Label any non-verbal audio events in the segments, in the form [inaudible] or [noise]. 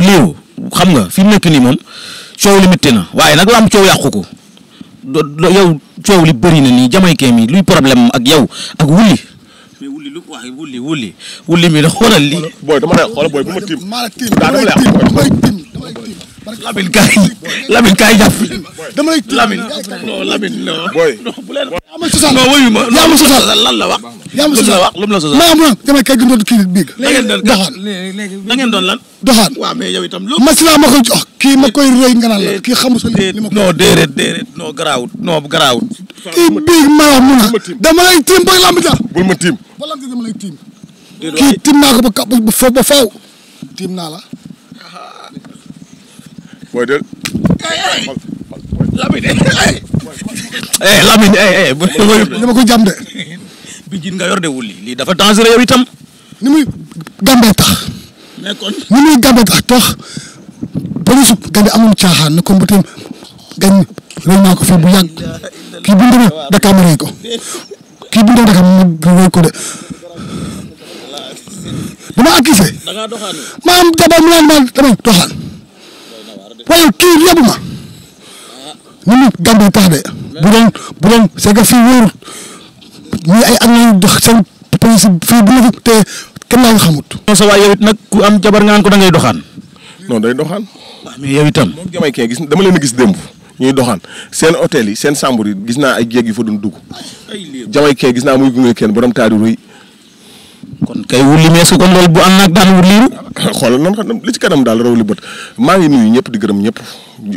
du xam nga fi mu nekk nii moom coow li métti na waaye nag lamb coow yàqu ko do yow coow li bëri na nii jamaykee mi luy problème ak yow ak wulli mais wulli lu waaye wulli wulli wulli mi da xoolal [laughs] lii. booy dama lay xoolal booy bu ma tiim. maa la tiim damay Lamine kaay Lamine kaay jàpp. dama lay Lamine non Lamine non. booy bu leen. yaa ma sosal non wuyu ma. yaa ma sosal lan la wax. yaa ma sosal lu mu la wax lu mu la sosal. maa am lan damay kay gëndoon kii biig. da ngeen doon doxaan da ngeen doon lan. doxaan waaw mais yow itam lu. masina ma koy jox kii ma koy rëy nga naan la kii xamu sa li ma. non déedéet déedéet non garaawut non garaawut. kii biig ma la mun a. dama lay tiim booy Lamine da. bul ma tiim. wala nga dama lay tiim. kii tiim naa ko ba ka ba faaw tiim naa la mooy de. Lamine eh, eh. eh Lamine eh, dafa dangereux yow itam. ni muy gàmbee ni muy gàmbee tax tax polisu Gambie amul caaxaan na comme bu gañ rëy naa ko bu yàgg kii bu ndemee Dakar ma ko kii bu ndemee Dakar ma ko de. bu ma maam jabar mu naan ma damay waaye kii yóbbu ma ñun ñu gàmb tax de bu doon bu doon c'est que fii wóorul am nañu dox seen police fii bu ñu te kenn laa xamut. nag ku am jabar ngaan ko da ngay doxaan. non day doxaan. waaw mais yow itam. kee gis dama leen gis démb. ñuy doxaan seen hôtel yi seen sambur yi gis naa ay jéeg yu fa doon dugg. ay jamay kee gis naa muy gunge kenn borom taari kon kay wulli meesu ko loolu bu am nag daan wulliru xoolal nan xam li ci kanam daal raw li bët maa ngi nuyu ñëpp di gërëm ñëpp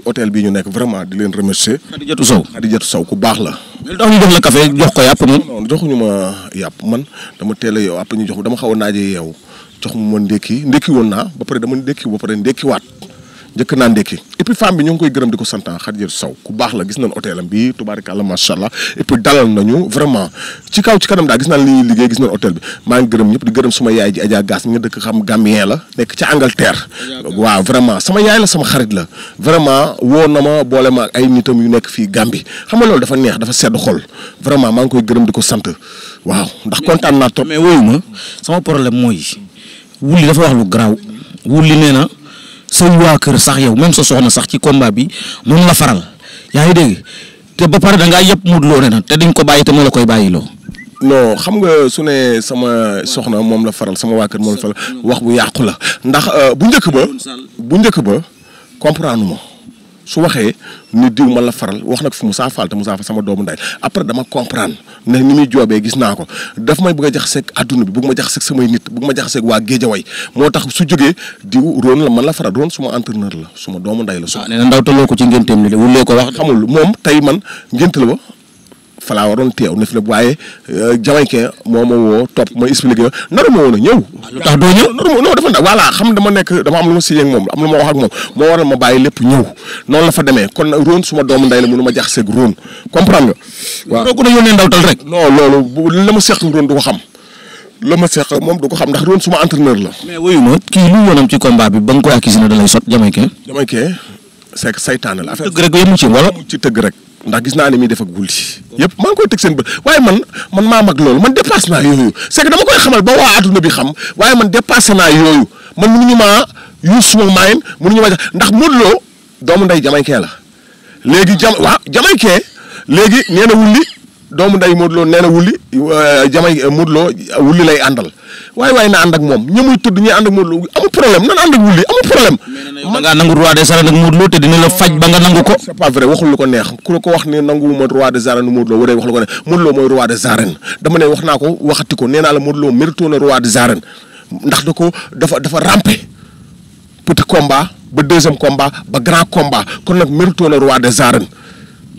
hôtel bi ñu nekk vraiment di leen remercier Xadijatu Sow Xadijatu Sow ku baax la lu tax ñu jox la café jox ko yàpp moom non joxuñu ma yàpp man dama teel a yow ñu jox dama xaw a naaje yeew jox mu ma ndékki ndékki woon naa ba pare dama ndékki ba pare ndékkiwaat njëkk naa ndékki et puis bi ñu ngi koy gërëm di ko santan ah, Xadijatu Saw ku baax la gis nañ hôtelam bi tubaarikàlla macha allah et puis kaw ci kanam daal gis nañ li gis nañ hôtel bi maa ngi gërëm ñëpp di gërëm suma yaay ji Adja Gass nekk ci Angleterre waaw vraiment sama yaay la sama xarit la vraiment woo na ma boole ay nitam yu nekk fii Gambie xam nga loolu dafa neex dafa sedd xol vraiment maa ngi koy gërëm di ko sant waaw ndax kontaan naa trop mais wooyu ma sama problème mooy wulli dafa wax lu garaaw wulli nee na say waa kër sax yow même sa soxna sax ci combat bi moom la faral yaa ngi dégg te ba pare da ngaa yëpp Modou Lo ne na te dañ ko bàyyi te moo la koy bàyyiloo. non xam nga su ne sama soxna moom la faral sama waa kër moom la faral wax bu yàqu la ndax euh, bu njëkk ba bu njëkk ba comprendre ma su waxee ni diw man la faral wax na ko mu saa Fall mu saa Fall sama doomu nday après dama comprendre ne ni muy joobee gis naa ko daf may bëgg a jaxaseeg adduna bi bëgg ma jaxaseeg samay nit bëgg ma jaxaseeg waa Géejawaay moo tax su jógee diw roon la man la faral roon suma entraîneur la suma doomu nday la. su ah, nee na ndaw taloo ko ci ngénteem li de wulee ko wax. xamul moom tey man ngént la ba falaa waroon teew ne fi la waaye euh, jamaïcain moo ma woo topp ma expliqué ma naru ma woon ñëw. Ah, lu tax doo ñëw naru xam dama nekk dama am lu ma signé ak moom am lu ma wax ak moo waral ma bàyyi lépp ñëw noonu la fa demee kon nag Rhone suma doomu ndey la mënu ma jaxaseeg Rhone comprendre nga. waaw doo ko doon yónnee ndawtal rek. non loolu bu la ma seq Rhone du ko xam. la ma seq moom du ko xam ndax Rhone suma entraîneur la. ma kii lu yoonam ci combat bi ba nga koy accusé ne da lay sot jamaïcain. jamaïcain c'est que saytaane la affaire. tëgg rek yëngu ci wala ci tëgg rek ndax gis naa ne mii def ak wulli yëpp maa ngi koy teg seen bët waaye man man maa mag loolu man dépassé naa yooyu c'est que dama koy xamal ba waa adduna bi xam waaye man dépassé naa yooyu man mënuñu maa yuus suma maayin mënuñu maa ndax Modou Lo doomu nday la léegi jam waaw jamaykee léegi nee na wulli doomu nday Modou Lo nee euh, jamay euh, Modou Lo wulli lay àndal waaye waaye na ànd ak moom ñi muy tudd ñi ànd ak Modou Lo amul problème nan ànd ak wulli amul problème mën ngaa nangu roi des arènes ak nga nangu ko neex ku la ko wax ne nanguwuma roi des arènes wax lu ko wax naa ko waxati ko nee Lo mérito na ndax da ko dafa dafa rampe petit combat ba deuxième combat ba grand combat kon nag mérito na roi des arènes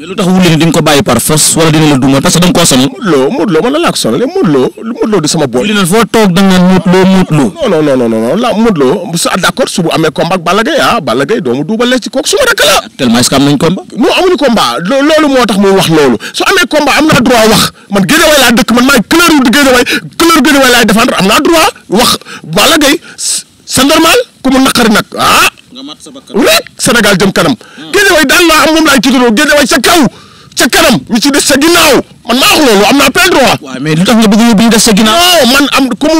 mais lu tax wuli ni di nga ko bàyyi par force wala dina la duma parce que da nga koo sonal. Modou Lo Modou Lo man lan laa ko sonalee Modou Lo Modou Lo di sama boy. wuli na da nga naan Modou la Modou Lo sa d'accord su bu amee combat su ma rakk la. tellement est-ce amee combat am naa droit wax man Guédiawaye laa dëkk man maay couleur yu Guédiawaye couleur Guédiawaye laay am naa droit wax Balla Gaye c'est normal ku mu nag ah. rek Sénégal jëm kanam ah. Guédiawaye daan naa am moom laay tuddoo Guédiawaye ca kaw ca kanam ñu ci des man maa wax am naa plein droit. waaw mais lu tax nga bëgg man am ku laa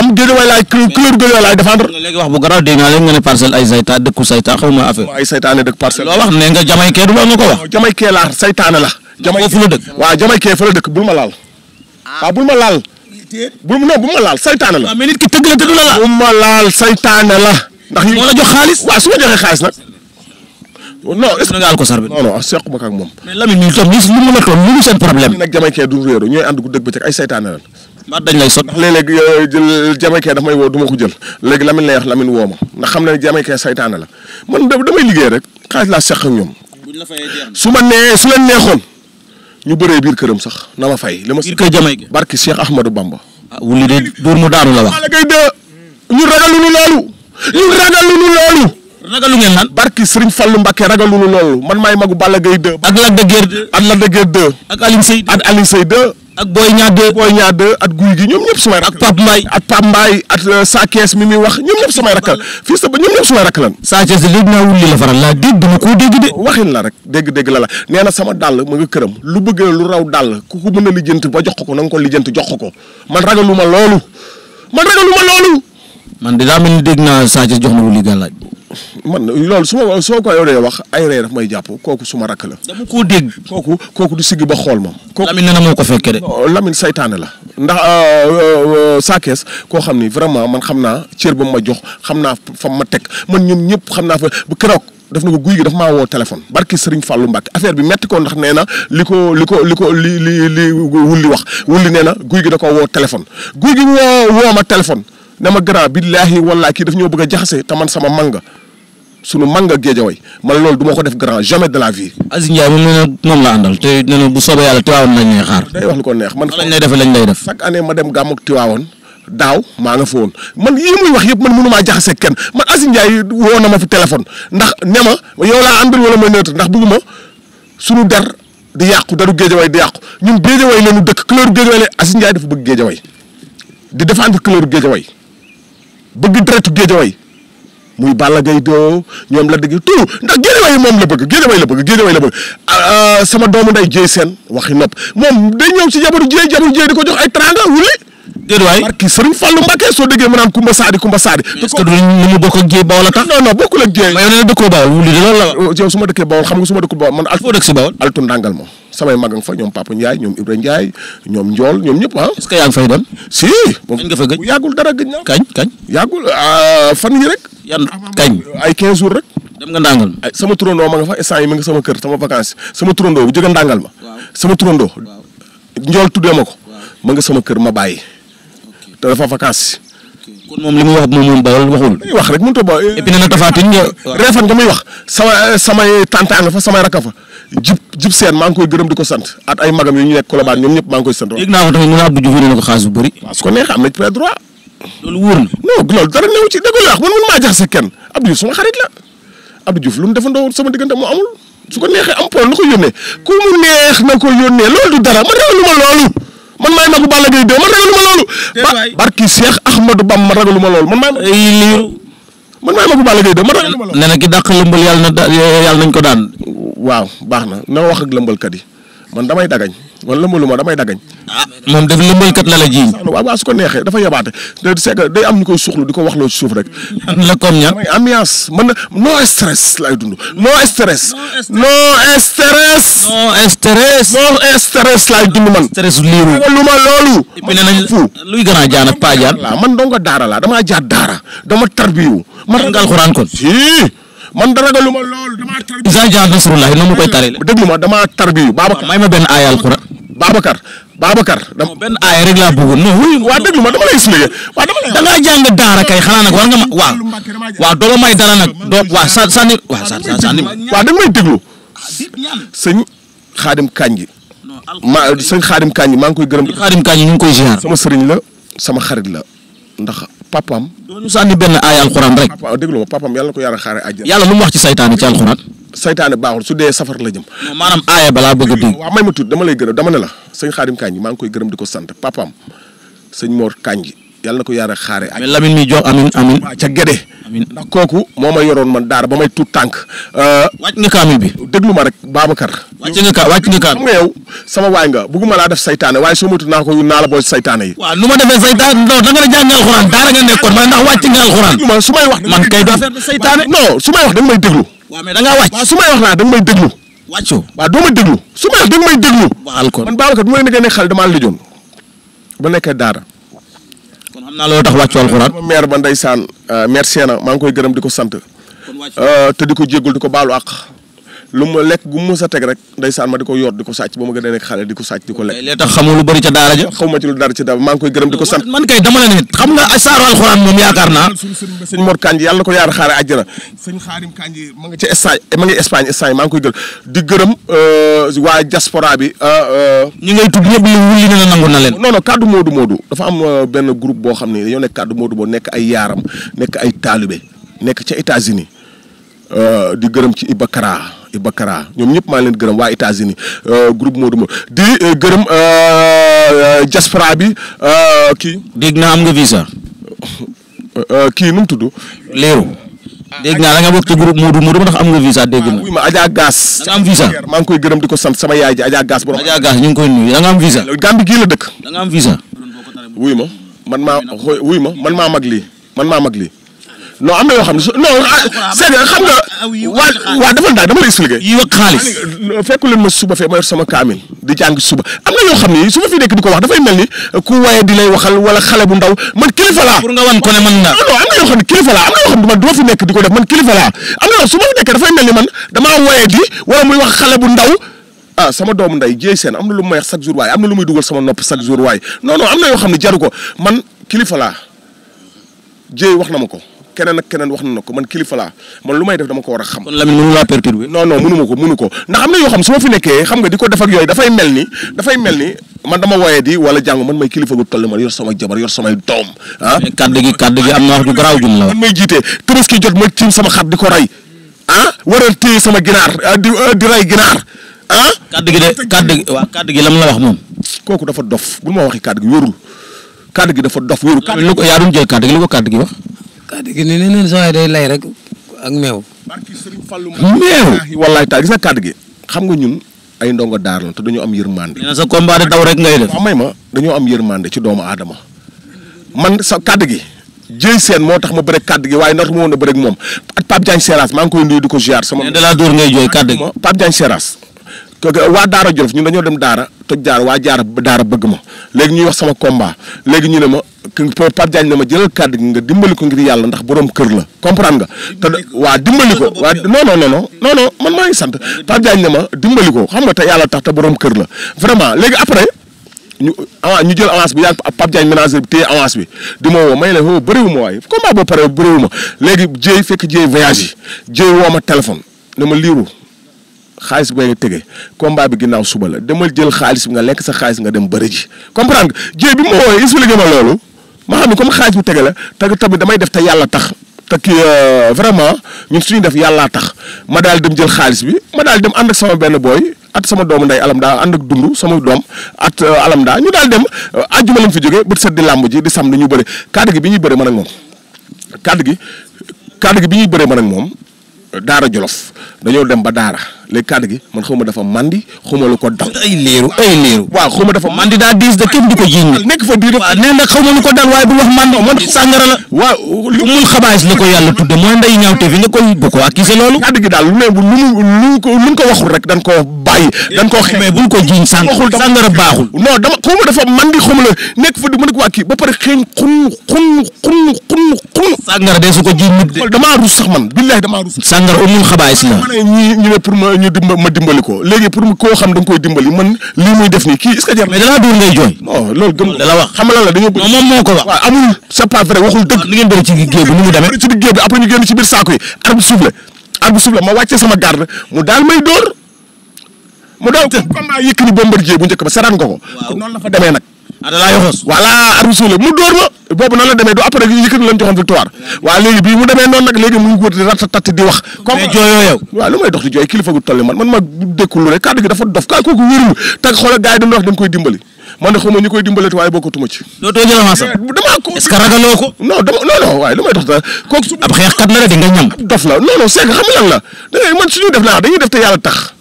am Guédiawaye laay couleur Guédiawaye laay défendre. léegi wax ay saytaan dëkku ne nga jamay kee du ma nga ko wax. jamay kee laa jamay kee fu la jamay kee fa la laal. Ah. waaw bul laal. bu non bu ma laal saytaane la. waaw mais nit ki tëgg la te du la laal. bu ma laal jox xaalis. waaw su ma joxee xaalis nag. non est ce que nga ko sarbet non non sequma ko ak moom. mais Lamine ñu toog ñu mun a toog ñu ngi seen problème. nag jamaykee du ñooy ànd guddeeg bëccëg ay saytaane la. maa dañ lay sot ndax léeg-léeg euh, jamaykee daf may woo du ko jël léegi Lamine lay wax Lamine woo ma ndax xam na ne jamaykee la man damay liggéey rek xaalis laa seq ak ñoom. su ma nee su leen neexoon ñu bëree biir këram sax na ma fay. li ma si kër Jamaye gi barki Cheikh Ahmadou Bamba. ah wuli de dóor mu daanu la wax. Balla Gaye 2 ñu ragaluñu loolu. ñu ragaluñu loolu. ragalu ngeen lan. barki lu mbakke Mbacké ragaluñu loolu man maay magu bala gay 2. ak Lac de Guiers 2. ak Lac de Guiers ak Boy Niang 2 Boy Niang 2 at guy gi ak Pape Mbaye ak Pape euh, Sa Thiès mi muy wax ñoom ñëpp samay rakk la fii sa ba ñoom ñëpp sumay rakk lan Sa Thiès léegi naa wulli la faral laa dégg dama koo dégg de waxin la rek dégg-dégg la la nee na sama dàll mu nga këram lu bëgg lu raw dàll ku ko mën a lijjanti ba jox ko na ko lijjanti jox ko man ragalu ma loolu man ragalu ma loolu man de daa dégg naa Sa Thiès jox na ko lii gàllaaj man loolu su ma soo ko yow wax ay ree daf may jàpp kooku su rakk la. dama koo dégg. kooku kooku du sigg ba xool moom. kooku Lamine nee na moo ko fekkee de. Lamine seytaane la. ndax euh, euh, euh, Sa koo xam ni vraiment man xam naa cër ba mu ma jox xam naa fa ma teg man ñoom ñëpp xam naa fa bu keroog daf na ko guy gi dafa maa woo téléphone barki Serigne Fallou Mbacke affaire bi metti ko ndax nee na li ko li ko li ko li li li wax wulli nee na guy gi da ko woo téléphone guy gi woo woo ma téléphone. ne ma grand billaahi wallaahi kii daf ñoo bëgg a jaxase te man sama manga sunu manga géejaway man loolu duma ko def grand jamais de la vie. Aziz Ndiaye moom nee na moom la àndal bu soobee yàlla Tiwaawoon lañ lay xaar. ko neex man. lañ lay def lañ lay def. chaque année ma dem gàmm ak Tiwaawoon daaw maa nga fa woon man yii muy wax yëpp man mënu maa jaxase kenn man Aziz woo na ma fi ndax ne ma yow laa àndal wala ma neutre ndax bëgguma sunu der di yàqu daru géejaway di yàqu ñun géejaway la ñu dëkk couleur géejaway la Aziz Ndiaye dafa bëgg géejaway di défendre couleur géejaway bëgg deretu géejawaay muy Balla Gaye doo ñoom la dëgg tout ndax géejawaay moom la bëgg géejawaay la bëgg géejawaay la bëgg ah, ah, sama doomu nday jéey seen waxi nopp moom day ñëw si jabaru jéey jabaru jéey di ko jox ay teraanga wuli déedéet waay barki Serigne Fallou Mbacké soo déggee ma naan Kumba Saadi Kumba Saadi. est a tax. non non bokkul ak Jéy. mais yow nee na dëkkoo Bawol wuli de loolu la. Oh, yow su ma dëkkee Bawol xam ngi fay dem. si. kañ nga fa gëj bu yàggul dara gëj na. kañ kañ. Ah, fan yi rek. yan kañ ay 15 jours rek. ma. sama turandoo ma nga fa instant ma sama kër sama vacances sama ma. ko. man nga sama kër ma bàyyi te dafa vacance. kon moom li mu wax moom moom bawal wax rek mënut a ba. et puis nee na tafaatin nga. reefan nga muy wax sama eh, fa samay rakka fa. jub jub seen maa gërëm di ko sant at ay magam yu ñu nekk Colobane ñoom koy sant. yëg naa ko tamit mu ne Abdou Diouf yore na ko xaalis bu bëri. loolu wóor dara man man maa lu mu defandoo sama su ko neexee am pool na ko yónnee ku mu neex na ko yónnee loolu loolu man maay magu Balla Gaye 2 man ragaluma loolu. déedwaay barki Cheikh Ahmadou Bamba man ragaluma loolu man maay. liiru man maay magu Balla Gaye 2 ma ragaluma loolu. nee na ki dàq lëmbal yàlla na da yal nañ ko daan. waaw baax na na wax ak lëmbalkat yi. man damay dagañ man ma damay dagañ. ah moom def lëmbalkat la la jiiñ. waaw waaw su ko neexee dafa yabaate te c'est que day am ñu koy suuxlu di ko wax ci suuf rek. la comme ñaar ambiance man na no stress lay dund no stress. no stress no stress. no stress lay dund man. stress liiru lu ma loolu. man nañ luy gën a jaan ak paa jaan. man dong daara laa damaa jaat daara dama tarbiyu. man nga alxuraan kon. man da lu ma lool damaa tarbiyu. Isa Dia Nasrullahi noonu mu koy taree. déglu ma damaa tarbiyu Babacar. may ma benn aaya alxuraan. Babacar Babacar. non benn aaya rek laa bëggoon non. waa déglu ma dama lay expliqué waa dama lay. da ngaa jàng daara kay xanaa nag war nga ma waa waaw doo ma may dara nag doo waaw sa sànni waaw sa sànni. waaw da nga may déglu ah, sëñ Xaadim Kanji. ma sëñ Xaadim Kanji maa ngi koy gërëm. Xaadim Kanji ñu ngi koy ziar. sama sëriñ la sama xarit la ndax papam doo ñu benn aay alxuraan rek. waaw déglu ma papam yàlla na ko yàlla xaaree àjjana. yàlla lu mu wax ci saytaane ci alxuraan. saytaane baaxul su dee safar la jëm. maanaam aaya balaa bëgg a dégg. waaw may ma tuut dama lay gërëm dama ne la sëñ Xaadim Kandji maa ngi koy gërëm di ko sant papam sëñ Mor Kandji yàlla na ko yàlla xaare mais Lamine mi jox amin amin ca Gede. amiin ndax kooku moo ma yoroon man daara ba may tuut tànk. Euh, wàcc nga kaamil bi. déglu ma rek Babacar. wàcc nga ka wàcc nga kaamil xam nga yow sama waay nga bugguma laa def saytaane waaye soo moytu naa ko naa la boo saytaane yi. waaw nu ma defee saytaane non da nga la jàng alxuraan daara nga nekkoon man ndax wàcc nga alxuraan. su may wax man may wax da nga may déglu. su may wax naa da nga may déglu. wàccoo waaw doo ma déglu su may wax da nga may déglu. waaw kon man Babacar bu ma nekkee ne xale damaa lijoon ba nekkee daara kon xam naa loolu tax wàccu alxuraan. maire ba ndeysaan euh, maire na maa ngi koy gërëm di ko sant. Euh, te di ko jéggul di ko baal àq. lu ma lekk gu mu sa teg rek ndeysaan ma di ko yor di ko sàcc ba ma gën a nekk xale di ko sàcc di ko lekk. léegi tax xamoo lu bëri ca daara ja. xaw ma ci lu dara ci daara maa ngi koy gërëm di ko sant. man kay dama la ne xam nga saaru alxuraan moom yaakaar naa. sëñ Mor Kanji yàlla na ko yaar xaare àjjana. sëñ nga ci Espagne ma nga Espagne Espagne maa koy gërëm di gërëm euh, waa diaspora bi. Euh, euh, ñi ngay tudd ñëpp wulli na la nangu na leen. non non kaddu Modou Modou dafa am benn groupe boo xam ne dañoo nekk kaddu Modou boo nekk ay yaaram nekk ay taalibe nekk ca États-Unis di gërëm ci Ibakara Ibakara ñoom ñëpp maa leen gërëm waa États-Unis euh, groupe Modou Modou di euh, gërëm euh, diaspora bi kii. dégg naa am nga visa. kii nu mu tudd. Leeru. dégg naa da nga bokk ci groupe Modou Modou ndax am nga visa dégg na. Ah, oui ma Adja Gass. da nga am visa maa ngi koy gërëm di ko sant sama yaay ji Adja Gass borom. Adja Gass ñu ngi koy nuyu da nga am visa. Gambie gii la dëkk. da am visa. wuy man wuy ma man maa mag lii man maa mag lii. non am na yoo xam ne su non ah, ah, c'est que xam nga. Ah, waa waa dafa dama lay expliqué. yi wax xaalis. Euh, fekku leen ma suba fee sama kaamil di jàng suba am na yoo xam ne su ma ko wax dafay mel ni ku waaye di lay waxal wala xale bu ndaw man kilifa laa. pour nga wan ko ne man naa. xam ne kilifa laa am nekk di ko def man kilifa laa am na dafay mel ni man damaa waaye di wala muy wax xale bu ndaw. ah sama doomu nday jéey seen am na lu may wax chaque jour waaye am na lu muy dugal sama nopp chaque jour waaye non non am na yoo xam ne jaru ko man kilifa laa jéey wax na ma ko keneen ak keneen wax na ko man kilifa laa man lu may def dama ko war a xam. kon Lamine mënu laa perturber. non ma ko mënu ko ndax am na yoo xam su ma fi nekkee xam nga di ko def yooyu dafay mel ni dafay mel ni man dama woyee di wala jàng man may kilifa gu toll ma yor sama jabar yor samay doom ah. mais kaddu gi gi am na wax ju garaaw jum la. man may jiite Tabaski sama xar di ko rey ah war a téye sama ginaar ah, di ah, di rey ginaar ah. kaddu gi de kaddu gi waaw kaddu gi lam la wax moom. kooku dafa dof bu ma waxee kaddu gi wóorul kaddu gi dafa dof wóorul. kaddu gi lu ko yaa doon jël kaddu gi lu ko kaddu gi wax kàddu gi ne neen saa day lay rek ak meew. meew wallaay taal gis nga gi xam nga ñun ay ndongo daar la te dañoo am yër nee na sa combat daw rek ngay may ma dañoo am yërmande ci doomu aadama man sax kàddu gi. jëy seen moo tax ma bëre kàdd gi waaye nag moo woon a bëre moom ak Pape Diagne Seras maa ngi koy nuyu di ko ziar sama. mais de la dóor ngay jooy kàdd gi Pape Diagne Seras. waa Daara Jolof ñun dañoo dem Daara te jaar waa jaar daara bëgg ma léegi ñuy wax sama combat léegi ñu ne ma Pape Diagne ne ma jëlal kàddu nga dimbali ko ngir yàlla ndax boroom kër la comprendre nga te waa dimbali ko waa non non non non non man maa ngi sant Pape Diagne ne ma dimbali ko xam nga te yàlla tax te boroom kër la vraiment léegi après ñu avance ah, ñu jël avance bi yàgg Pape Diagne ménager bi téye avance bi di ma woo may la woo oh, bëriwu ma waaye combat ba pare bëriwu ma léegi jéy fekk jéey voyage yi jéey woo ma téléphone ne ma liiru xaalis bi ngay tege combat bi ginnaaw suba la demal jël xaalis bi nga lekk sa xaalis nga dem bëri ji comprendre nga jéy bi ma wooyee expliqué ma loolu ma xam ne comme xaalis bi tege la te tamit damay def te yàlla tax te kii euh, vraiment ñun suñu def yàllaa tax ma daal dem jël xaalis bi ma daal dem ànd ak benn booy at sama doomu nday alam daa ànd ak dund sama doom at euh, alam daa ñu daal dem àjjuma euh, lañ fi jógee bët set di làmb ji di samedi ñu bëri kaddu gi bi ñuy bëri man ak moom kaddu gi kaddu gi bi ñuy bëree man ak moom daara jolof dañoo dem ba daara. léegi kaddu gi man xaw ma dafa mandi xaw ma lu ko dal. ay leeru ay leeru. waaw xaw ma dafa mandi daa diis de kenn du ko jiiñ. nekk fa diir waaw nee na xaw ma lu ko dal waaye bu wax mandi man sàngara la. waaw lu mul xabaas la ko yàlla tudde mooy nday ñaawte fi nga koy bu ko accusé loolu. kaddu gi daal lu ne lu mu ko lu ko waxul rek dañ koo bàyyi. dañ koo xamee buñ ko jiiñ sàng. waxul sàngara baaxul. non dama xaw ma dafa mandi xaw ma la nekk fa di ma ne ko waa kii ba pare xeeñ xun xun xun xun xun. sàngara de su ko jiiñ nit de. damaa rus sax man billahi damaa rus. sàngara amul xabaas la. ñu ne pour ma ñu dimba ma dimbali ko léegi pour koo xam da koy dimbali man lii muy def nii kii est-ce que jar na. mais da laa jooy. loolu gëm la wax xam la dañoo. moom moo ko wax amul c'est pas vrai waxul dëgg. Ah, ni ngeen bëri ci géew bi ni mu demee ci géew bi après ñu génn ci biir saako yi arbu suuf la arbu suuf la ma wàccee sama garde mu daal may dóor mu daal comme maa yëkk ni bombardier bu njëkk ba saraan nga ko. noonu la fa demee nag adala yoxos voilà arbitre la mu dóor ma boobu nan la demee du après yëkkati lañ joxoon victoire waaw léegi bii mu demee noonu nag léegi mu ngi koy dimbali man de xaw ñu koy dimbaleeti waaye bokkatuma ci dootoo jël avance damaa ko est-ce que ko non dof la non non xam lan la da man suñuy def naa dañuy def te yàlla tax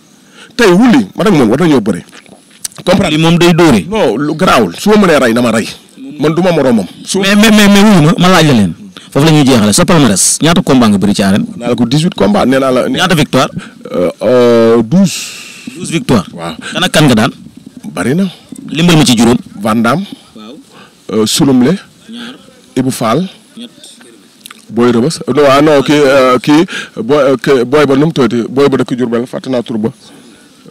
tey wuli man ak moom war na ñoo bëri comprendre li moom day dóore. non lu garaawul su ma mënee rey dama rey. man du ma moromam. ma ma laaj la leen. foofu lañuy ñuy jeexale sa palmarès ñaata combat nga bëri ci arène. naa la ko 18 combat euh, euh, bari na. limbal ma ci juróom. Vandam. waaw. Euh, Sulumle. ñaar Ibou booy rëbës non ah non booy ba nu mu tooyati booy ba dëkk Diourbel fàtte naa tur ba.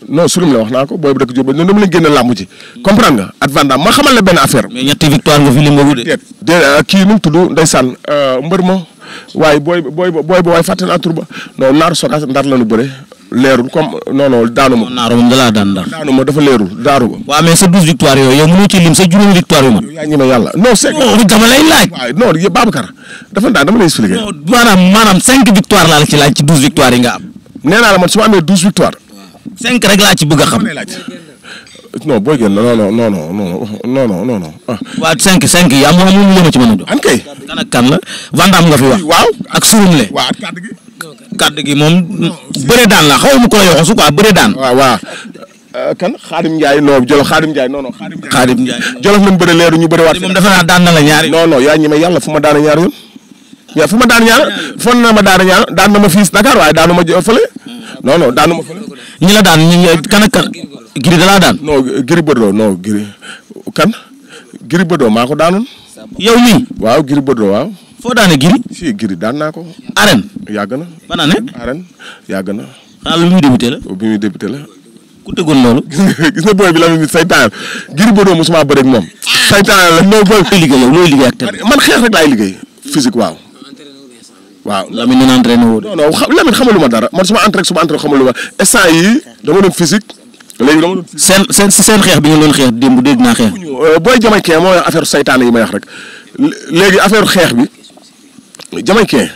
non surum la wax naa ko booy bu dëkk Diop ne dama la génne làmb ji. comprendre nga advance ma xamal la benn affaire. mais ñetti victoire nga fi lim nga de. de euh, kii nu mu tudd ndeysaan euh, mbër ma waaye booy booy booy waaye fàtte naa tur ba non naaru sokaas ndar la nu bëre. leerul comme non non daanu ma. naaru moom da laa daan daan. daanu ma dafa leerul daaru ma. waaw mais sa douze victoire yooyu yow mënoo ci lim sa juróomi victoire yu man. yaa ñi ma yàlla non c'est non dama lay laaj. waaw non Babacar dafa daan dama lay expliquer. maanaam maanaam cinq victoire laa la ci laaj ci douze victoire yi nga am. nee naa la man su ma amee douze victoire cinq rek laa ci bëgg a xam. non booy génn non non non non non non non non. Ah. waaw cinq cinq yi amul amul lu ma ci mën a doon. an kay kan ak kan la Vandam nga fi wax. waaw ak Surumle. waaw ak kàddu gi. kàddu gi moom bëre daan la xaw ma ko la yoo su quoi bëre daan. waaw waaw euh, kan Xaadim Ndiaye non Jolof Xaadim Ndiaye non non. Xaadim Ndiaye Jolof nañ bëre leeru ñu bëre waat. moom defe naa daan na la ñaari. non non yaa ñi ma yàlla fu ma daan ñaari yoon. yaa fu ma daan ñaar fon na ma daan ñaar daan na ma fii Dakar waaye daanu ma fële. Hmm. non non daanu ma fële. ñi la daan ñu kan ak kan. giri da laa daan. non giri bëddoo non giri kan giri bëddoo maa ko daanoon. nii. waaw giri bëddoo waaw. foo daane giri. si giri daan naa ko. arène. yàgg na. ban année. arène yàgg na. xaaral bi muy débuté la. bi muy débuté la. ku tëggoon loolu. [laughs] gis nga booy bi la muy saytaan giri bëddoo mosuma bëri ak moom. Ah. saytaan la. noo booy. looy liggéey yow looy liggéey ak man xeex rek laay liggéey. physique waaw. waaw Lamine ñu entraîné woo. non non Lamine ma dara man su ma entraîné su ma entraîné xamalu ma instant yii dama doon physique. léegi dama seen seen seen xeex bi nga doon xeex démb dégg naa xeex. booy euh, jamaïcain mooy affaire saytaane yi may wax rek léegi affaire xeex bi jamaïcain.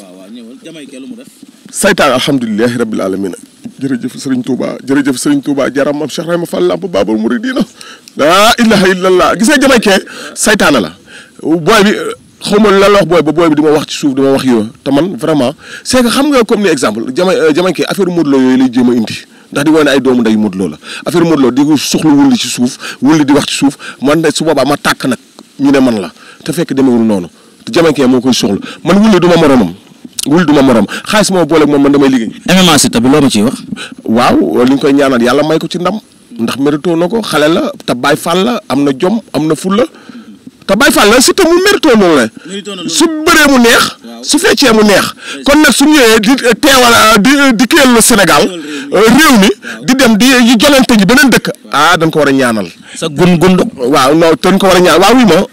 waaw waaw ñëwal jamaïcain mu def. saytaan alhamdulilah rabil aalamiina. jërëjëf Serigne Touba jërëjëf Serigne Touba jaram mam Cheikh Rahma Fall Lamp Babul Mouridina laa ilaha illallah gis nga jamaïcain saytaane la booy bi. xaw ma lan la wax booy ba booy bi di ma wax ci suuf di ma wax yooyu te man vraiment c'est xam nga comme ni exemple jama euh, jama kii affaire Modou Lo jéem a indi ndax di wane ay doomu nday Modou Lo la affaire Modou Lo di ko soxla wax ci suuf man de su boobaa ma tàkk nag ñu ne man la te fekk demewul noonu te jama kii moo koy soxla man wulli du ma moromam wulli du ma morom xaalis moo booleeg moom man damay liggéey. MMA Siteu waaw li ñu koy ñaanal yàlla may ko ci ndam ndax mérito na ko xale la te Baay Faal la am na jom am na la te Baye Fall la Siteu mu méritoo noonu la su bëree mu neex su feccee mu neex kon nag su ñëwee di eh, teewal ah, di eh, di kiyal Sénégal réew mi eh, di dem di yi jolante ji beneen dëkk ah dañ ko war a ñaanal. sa gun gundux waaw non dañ ko war a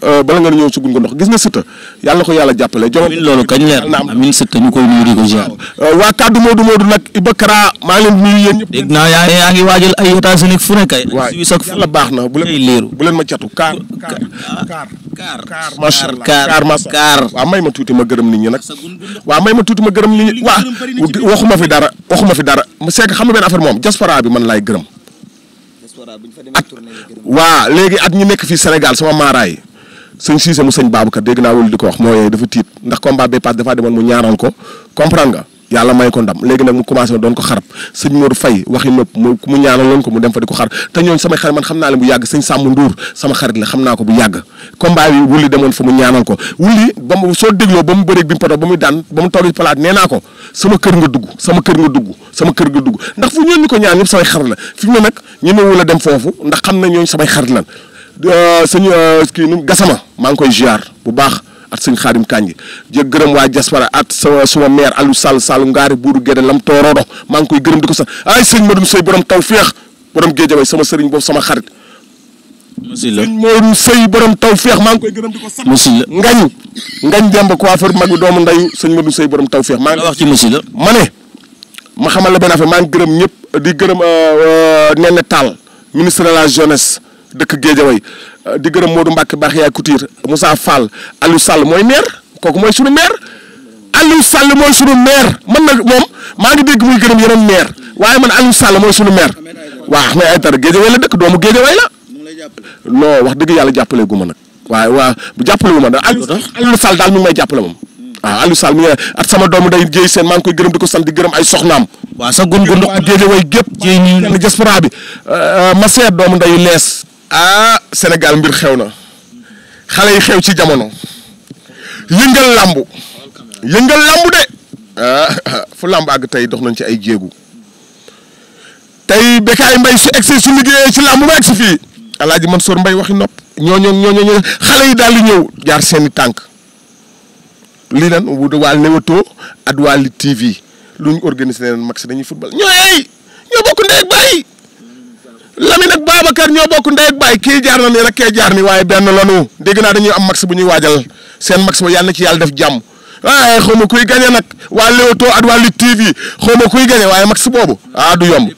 euh, bala nga ñëw si gun gundux gis nga Siteu yàlla ko yàlla jàppale. amiin loolu kañ leer naam amiin Siteu ko euh, waa kaddu Modou Modou nag Iba Kara maa ngi leen di ñëpp. naa yaa yaa ngi waajal ay états-unis fu ne kay. waaw la baax na bu leen bu leen ma catu kaar kaar car macha allah kaar macha may ma tuuti ma gërëm nit ñi nag waa may ma tuuti ma gërëm nit ñi waa waxuma fi dara waxuma fi dara c'est que xam nga benn affaire moom diaspora bi man laay gërëm at waa léegi at ñu nekk fii Sénégal sama maaraay sëñ Cissé mu sëñ Babacar dégg naa wul di ko wax mooy dafa tiit ndax combat bi demoon mu ñaaral ko comprendre nga yàlla may ko ndam léegi nag mu commencé doon ko xarab sëñ Mor Faye waxi nopp mu mu ñaanaloon ko mu dem fa di ko xar te ñooñ samay xarit xam naa leen bu yàgg sëñ Sàmm Nduur sama xarit la xam naa ko bu yàgg combat bi demoon fa ñaanal ko wulli ba mu soo dégloo ba mu bëreeg bi mu ba muy daan ba mu toog palaat nee ko sama kër nga dugg sama kër nga dugg sama kër nga dugg ndax fu ñooñu ko ñaan ñëpp samay xarit la fi mu ne nag ñu ne wala dem foofu ndax xam na ñooñ samay xarit lan euh, sëñ euh, kii nu gasama maa ngi koy ziar bu baax at sëñ xaadim kànji jë gërëm waa jaspara at sama suma maire Aliou Sall Sall ngaari buuru géde lam tooroodo maa ngi koy gërëm di ko sax ay sëñ Modou Sey borom taw féex borom géejaway sama sëriñ boobu sama xarit sëñ Modou Sey taw féex maa ngi koy gërëm di ko sax ngañ ngañ demb coiffeur mag bi doomu nday sëñ Modou Sey borom taw féex maa ngi wax ci monsieur la ma ne xamal la benn maa ngi gërëm ñëpp di gërëm euh, euh, Néné Tall ministre de la jeunesse dëkk géejaway Euh, di gërëm Modou Mbacke baax yaay Couture Moussa Fall Aliou Sall mooy maire kooku mooy sunu meer Aliou Sall mooy sunu maire man nag moom maa ngi dégg muy gërëm yeneen maire waaye man Aliou mooy sunu maire waaw Ahmed Aïdara Guédiawaye la dëkk doomu Guédiawaye la non wax dëgg yàlla jàppale gu ma nag waaye waa jàppale gu ma nag Aliou Sall daal mu ngi may jàppale moom waaw Aliou Sall mi ngi at sama doomu day jéy seen maa ngi koy gërëm di ko sant di gërëm ay soxnaam waaw sa gun gun ndox Guédiawaye gépp jéy ni diaspora bi euh, euh, ma doomu nday lees ah Sénégal mbir xew na xale yi xew ci jamono yëngal làmb yëngal làmb de ah fu làmb àgg tey dox nañ ci ay jéegu tey Bécaye Mbaye su egsi su liggéeyee ci làmb ba egsi fii Alaaji Mansour Mbaye waxi nopp ñoo ñooñoo xale yi daal di ñëw jaar seeni tànk li lan wut waa Leewtoo ak waa Lutte TV lu ñu organisé leen mag si dañuy football ñooy ñoo bokk ndey ak baay Lamine ak Babacar ñoo bokk ndey ak baay kii jaar na nii rek kii jaar ni waaye benn lanu dégg naa dañuy am max bu ñuy waajal seen max ba yàlla na ci yàlla def jàmm waaye xaw ma kuy gañe nag waa Leewtoo ak waa Lutte tii xaw ma kuy gañe waaye max boobu ah du yomb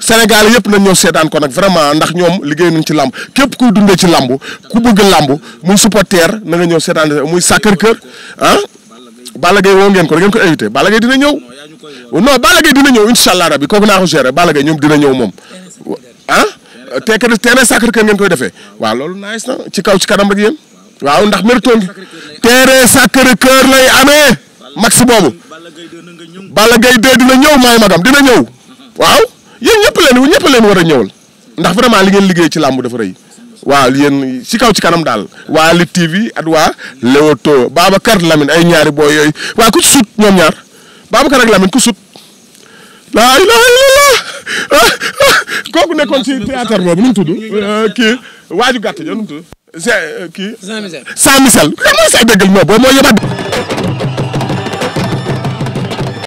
Sénégal yëpp nañ ñëw seetaan ko nag vraiment ndax ñoom liggéey nañ ci làmb képp kuy dundee ci làmb ku bëgg làmb muy supporter na nga ñëw seetaan muy Sacré-Cœur ah Balla Gaye woo ngeen ko da ngeen ko invité Balla non Balla Gaye dina ñëw incha allah rabi ko gérer Balla Gaye ñoom dina ñëw moom ah te que terrain sacré ngeen koy defee waa loolu nice na ci kaw ci kanam rek yéen waaw ndax mérito ngi terrain sacré cœur lay amee max boobu Balla Gaye 2 dina ñëw maay magam dina ñëw waaw yéen ñëpp leen ñëpp leen war a ñëwal ndax vraiment li ngeen liggéey ci làmb dafa rëy waa yéen ci kaw ci kanam daal waa Lutte TV ak waa Leewtoo Babacar Lamine ay ñaari booy yooyu waa ku ci sut ñoom ñaar. Babacar ak Lamine ku sut laa ilaha illallah kooku nekkoon ci théâtre boobu nu mu tudd euh, kii waaju gàtt ja nu mu tudd euh, kii sans misel sans misel xam nga say déggal moo boo moo